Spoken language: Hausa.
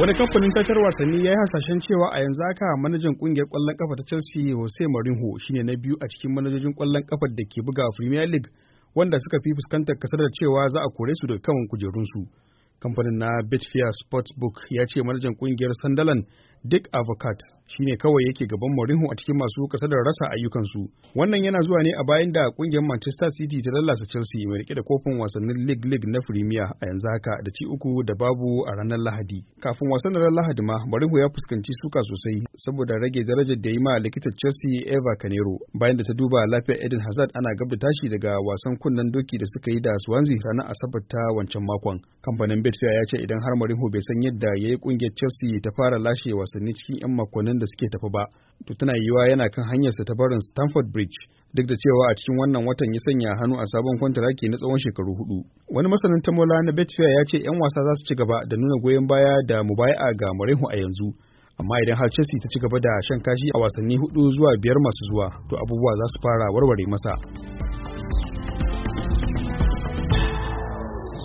Wani kamfanin tatar wasanni ya yi hasashen cewa a yanzu haka manajan kungiyar kwallon kafa ta Chelsea Jose Mourinho shine na biyu a cikin manajojin kwallon kafa da ke buga Premier League wanda suka fi fuskantar kasar da cewa za a kore su daga kan kujerunsu. kamfanin na bitfia sportsbook ya ce manajan kungiyar sandalan dick avocat shine kawai yake gaban Mourinho a cikin masu kasadar rasa ayyukansu wannan yana zuwa ne a bayan da kungiyar manchester city ta lallasa chelsea mai rike da kofin wasannin league league na premier a yanzu haka da ci uku da babu a ranar lahadi kafin wasan ranar lahadi ma Mourinho ya fuskanci suka sosai saboda rage darajar da yi ma likita chelsea eva canero bayan da ta duba lafiyar eden hazard ana gab tashi daga wasan kunnen doki da suka yi da swansea ranar asabar ta wancan makon kamfanin Betshuya ya ce idan har Mourinho bai san yadda ya yi kungiyar Chelsea ta fara lashe wasanni cikin 'yan makonnin da suke tafi ba, to tana yiwuwa yana kan hanyarsa ta barin Stamford Bridge duk da cewa a cikin wannan watan ya sanya hannu a sabon kwantaraki na tsawon shekaru hudu. Wani masanin tamola na Betfair ya ce 'yan wasa za su ci gaba da nuna goyon baya da mubaya'a ga Mourinho a yanzu. Amma idan har Chelsea ta ci gaba da shan kashi a wasanni hudu zuwa biyar masu zuwa, to abubuwa za su fara warware masa.